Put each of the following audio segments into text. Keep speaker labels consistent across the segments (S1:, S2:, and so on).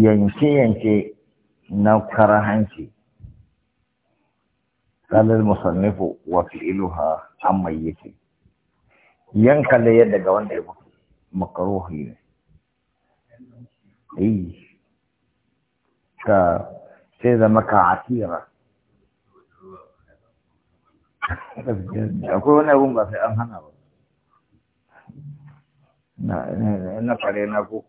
S1: yanke-yanke na karahanci kalar musannifu wa fi'iluha an mayyaki yanka yadda daga wanda ya mutu makaruhi ne yi ka sai zama ka atira akwai wani abun ba sai an hana ba na fare na ko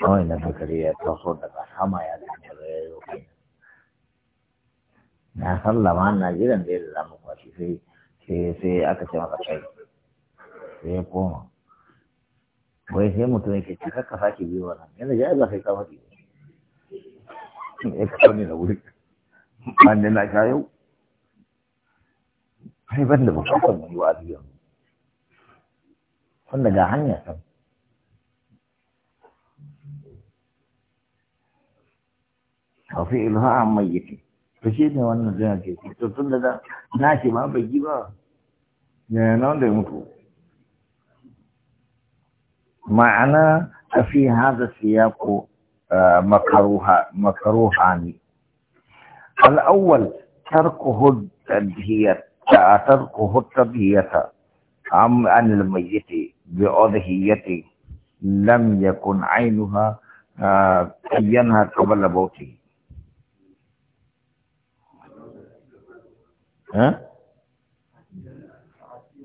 S1: kawai na zakari ya taso daga sama ya zama ya zo kai na sallama na jiran da ya zama kwashi sai sai aka ce maka kai sai ya koma wai sai mutum yake ce kakka sake biyu wa nan yana jaya za sai ka faɗi ya kawo ne da wuri ban da na sha yau sai ban da bukatar mai yi wa a duniya wanda ga hanyar san وفي إلهاء ميتي فشيت وانا جاكي تقول لا ناشي ما بجيبا يا نوند يموتوا معنى في هذا السياق آه، مكروها مكروهاني الأول تركه التدهية آه، تركه التدهية أم عن الميت بأضهية لم يكن عينها آه، كينها قبل موته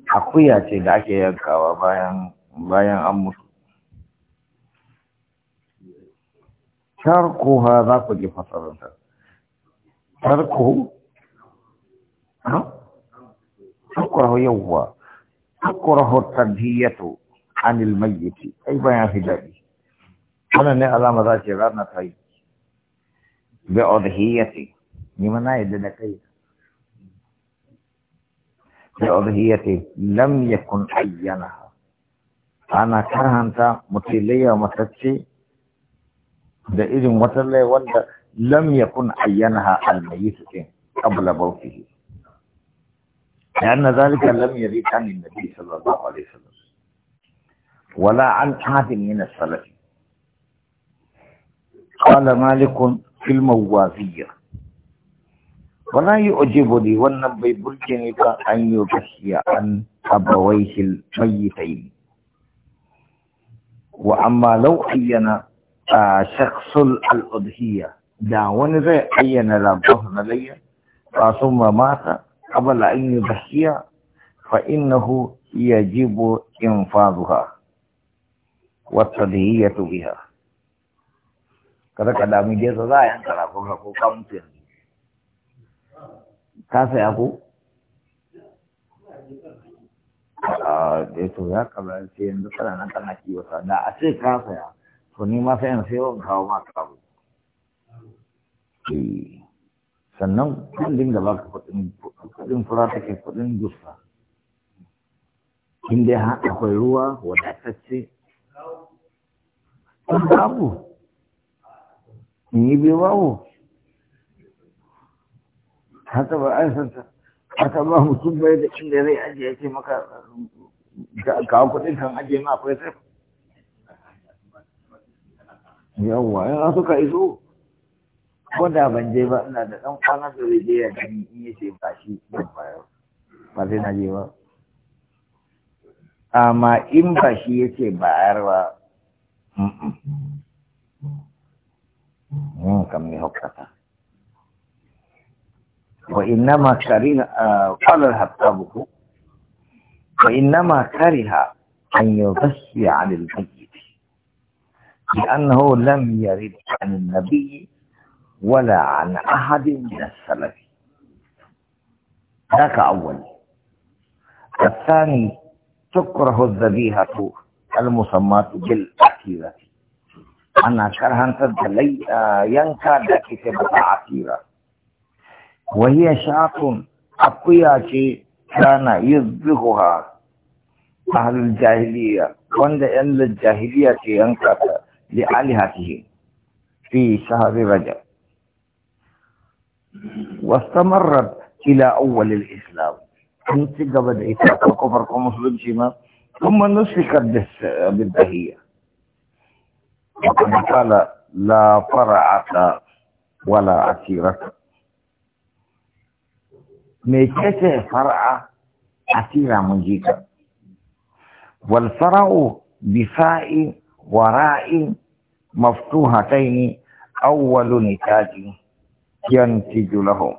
S1: akuya ce da ake yankawa bayan bayan an mutu tarkuha za ku ji fasararsa tarku takwarahu yawwa takwarahu tarbiyyatu anil mayyaci. ai bayan fi daɗi wannan ne alama za ce rana ta yi Be odhiyati ni mana yadda da kai بأضحيته لم يكن عينها أنا كرهنت متلية ومتتشي da irin wata lai wanda lam yakun ayyanaha al-mayyit لأن ذلك لم يرد عن النبي صلى الله عليه وسلم ولا عن أحد من السلف قال مالك في الموازية ولا يعجبني والنبي برجني أن يبحي عن أبويه الميتين وأما لو أينا شخص الأضحية دعوني ذي أين ربهن لي ثم مات قبل أن يبحي فإنه يجب إنفاذها والتضحية بها kada ka dami dai za a yanka ragon ka saya ko a to ya kamance yanzu kana nan kana kiwata da a ce ka saya ko ni ma sai in sayo in kawo ma kawo eh, sannan kan dinga ba ka kudin fura take kudin gusa in dai har akwai ruwa wadatacce babu in yi bai babu haka ba an haka ba mutum bai da inda zai ya yake maka kawo kuɗin kan aje ma akwai sai yawwa yana suka iso ko da ban je ba ina da ɗan kwana da zai je ya gani in ya ce ba shi ban bayar ba sai na je ba amma in ba shi ya ce bayar ba وإنما كره آه، قال الهبتابه وإنما كره أن يغشي عن الميت لأنه لم يرد عن النبي ولا عن أحد من السلف ذاك أول الثاني تكره الذبيحة المسماة بالعتيرة أنا كرهنت آه، ينكر لك كتابة عتيرة وهي شاق أقوياء كان يذبحها أهل الجاهلية وند أهل الجاهلية ينقطع لآلهته في شهر رجب واستمرت إلى أول الإسلام كنت قبل إتاق الكفر كمسلم شما ثم نسكت بالدهية وقد قال لا فرعة ولا عسيرة me fara'a? far'a tira mun jika wal fara'u bifa'i wara'i maftuhataini awwalu nikaji yantiju lahu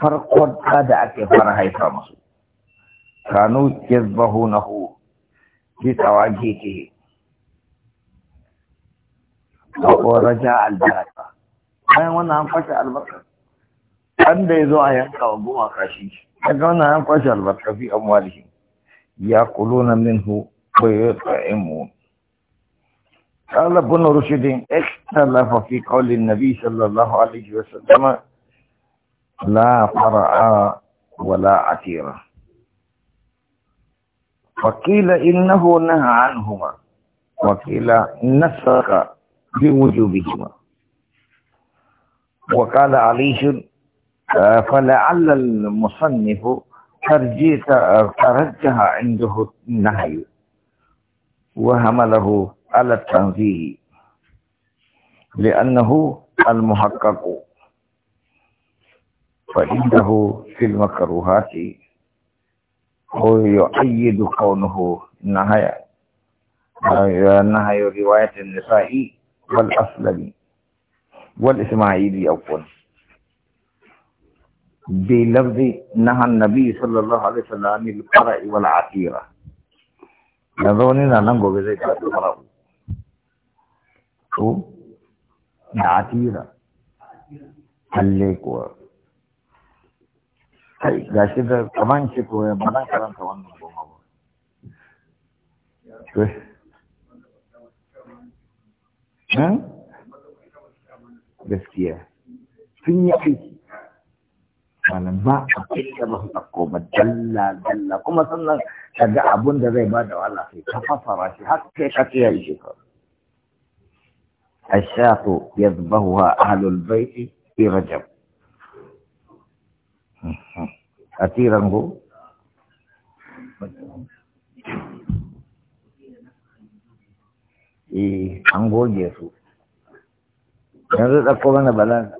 S1: farkon da ake fara haifa musu kanu yazbahunahu bi tawajihi ko raja al-baraka bayan wannan an fashe albarka kan ya zo a yanka wa goma kashi daga wannan an kwashe albarka fi amwalihi ya kuluna minhu wa yut'imu قال ابن رشد اختلف في قول النبي صلى الله عليه وسلم لا فرع ولا عتيره فقيل إنه نهى عنهما وقيل نسخ بوجوبهما وقال علي آه، فلعل المصنف ترجيح ترجح عنده النهي وهمله على التنزيه لأنه المحقق فإنه في المكروهات هو يؤيد كونه نهي نهي رواية النسائي والأسلمي والإسماعيلي أولا بلفظ نهى النبي صلى الله عليه وسلم عن القرع والعتيرة يظننا ننقو بزيت القرع شو العتيرة هليكوا kai ga shi da kaman shi ko ba dan karanta wannan goma ba to eh gaskiya sun yi malam ba a da ba su ɗauko ba dalla dalla kuma sannan ka ga abun da zai ba da wahala sai ka fasara shi har sai ka tsaya shi ka الشاة يذبحها أهل البيت في رجب أثيرا هو إيه أنقول يسوع yanzu ɗauko mana balansa